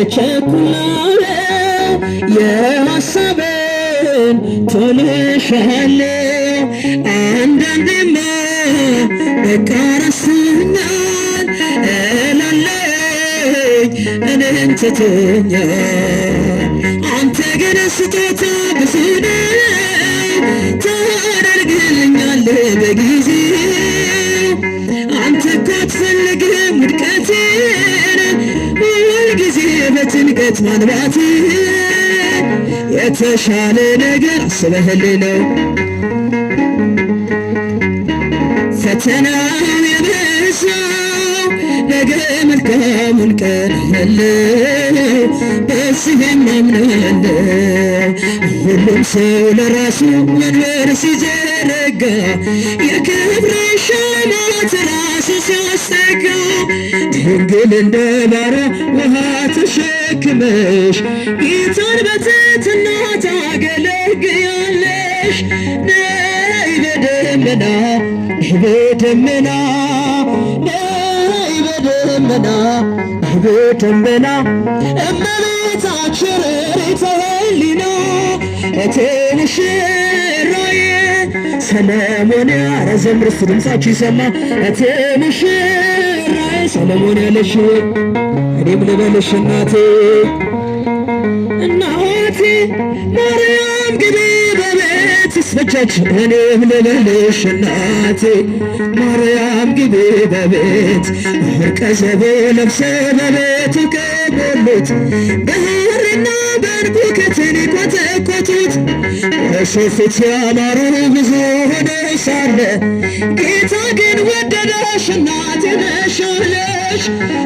እቸኩላለ የሐሳብን ቶልሸለ አንዳንድም እቃረስናል እላለኝ እኔን አንተ ግን ስጦታ ብዙ ታደርግልኛለህ በጊዜ እውነት ማንባት የተሻለ ነገር ስበህል ነው። ፈተናው የበዛው ነገ መልካሙን ቀን አያለው። ሁሉም ሰው ለራሱ መንበር ሲዘረጋ የክብር ሻማ ተሸሰከው ድንግል እንደ በረሃ ውሃ ተሸክመሽ ጌታን በትሕትና ታገለግያለሽ። ነይ በደመና ነይ በደመና ነይ በደመና ነይ በደመና እመቤታችን ርኅራኄ ሊና ሰለሞን አረዘምርስ ድምፃችሁ ይሰማ እትንሽ ሰለሞን ያለሽ እኔም ልበልሽ እናቴ እናቴ ማርያም ግቢ በቤትሽ በጃች እኔም ልበልሽ እናቴ ማርያም ግቢ በቤት እርቀ ዘቤ ለብሰ በቤት ቀበሉት በህርና በእርቁ ከተኔ ቆተ ሸስ ቸመርን ብዙ ሆነሻለ ጌታ ግን ወደደሽ እናቴ ነሽ ብለሽ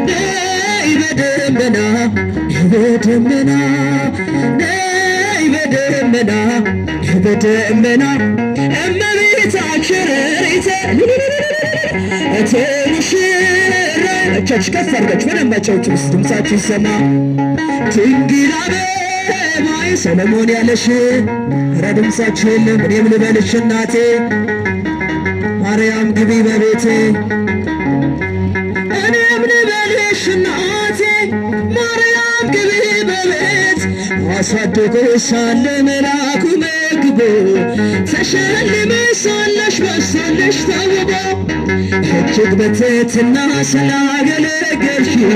ነይ በደመና በደመና ነይ በደመና በደመና እመቤታችን ሬተ እትሙሽራ እጃችሁ ከፍ አድርጋችሁ በደንባቸው ድምፃችሁ ይሰማ ድንግል ሰለሞን ያለሽ ረድምሳችሁ የለም እኔም ልበልሽ እናቴ ማርያም ግቢ በቤቴ እኔም ልበልሽ እናቴ ማርያም ግቢ በቤት አሳድጎ ሳለ መላኩ መግቦ ተሸልመ ሳለ ብለሽ ታወደ እጅግ በትህትና ስላገለገልሽው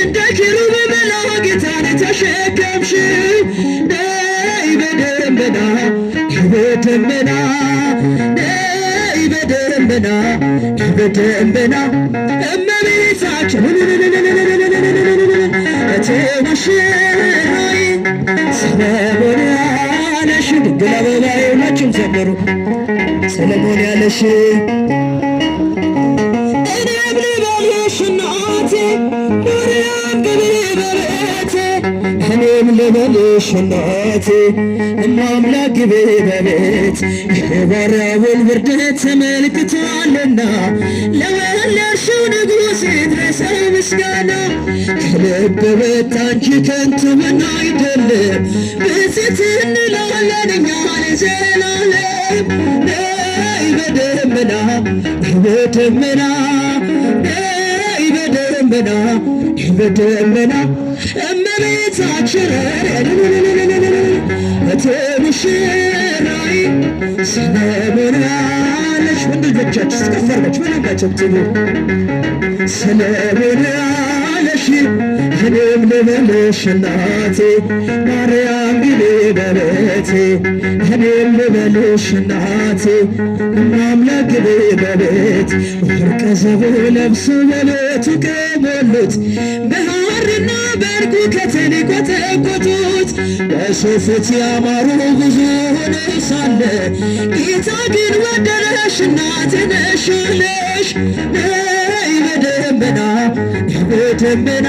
እንደ ኪሩብ ጌታን ተሸከምሽው ነይ በደመና በደመና ነይ በደመና በደመና እመቤታችን ስለሆነ አለሽ ድንግል አበባ ሁላችሁም ዘመሩ ሰለሞን ያለሽ እኔም ልበልሽ እናቴ እናምላክ በቤት የባራቡን ብርደት ተመልክቷልና ለወለድሽው ንጉሥ ይድረስ ምስጋና ከልብ በታ አንቺ ከንቱ ምን አይደለም ብፅዕት እንላለን እኛ ለዘላለም በደመና በደመና ነይ በደመና ነይ በደመና እመቤታችን ትሙሽራይ ስለሆናለች ወንድ ልጆቻችሁ ስከፈለች ምናባቸው ትሉ ስለሆናለሽ ምንም ልበልሽ እናቴ ማርያም ግቤበለቴ እኔም ልበልሽ እናቴ ማምላክ ግቤበለት ወርቀ ዘቦ ለብሶ በለቱ ከሞሉት በሐርና በእርቁ ከተንቆጠቆጡት በሽፍት ያማሩ ብዙ ሆነ ሳለ ጌታ ግን እናቴ ነይ በደመና በደመና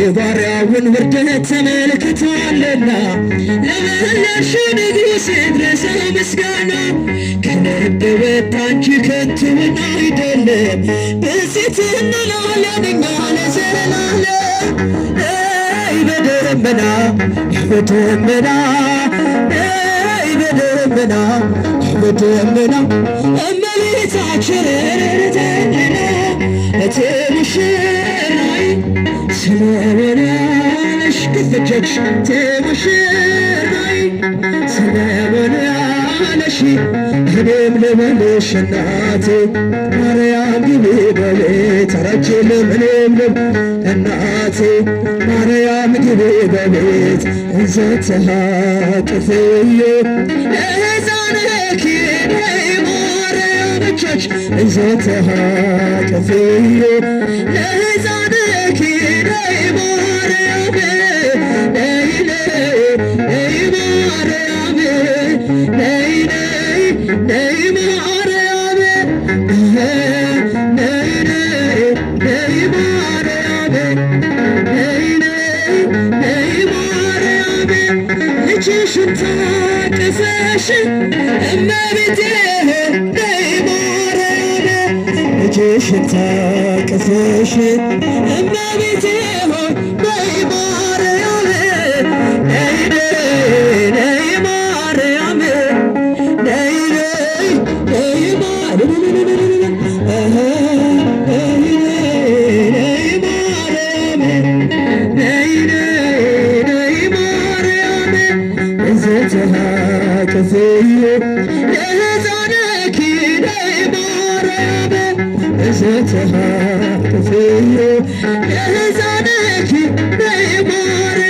የባሪያውን ውርደት ተመልክቷልና ለመላሽ ንጉሥ ድረሰ ምስጋና ከነበበት አንቺ ከትውን አይደለም በሴት እንላለን እኛ ይ በደመና በደመና ይ በደመና በደመና እመቤታችን ትንሽ Seneverin aşkı seçek temişeray Seneverin aşkı benimle melişenati Maryam gibi beni terk benimle እናቴ ማርያም ግቤ በቤት እንዘትሃ ጥፍዬ ሕፃንኪ ማርያም ቸች እንዘትሃ ጥፍዬ ለሕፃን ሽታ ቅስሽ እመቤቴ ዘተሃ ክፍዮ የህፃነኪ ነይሞረ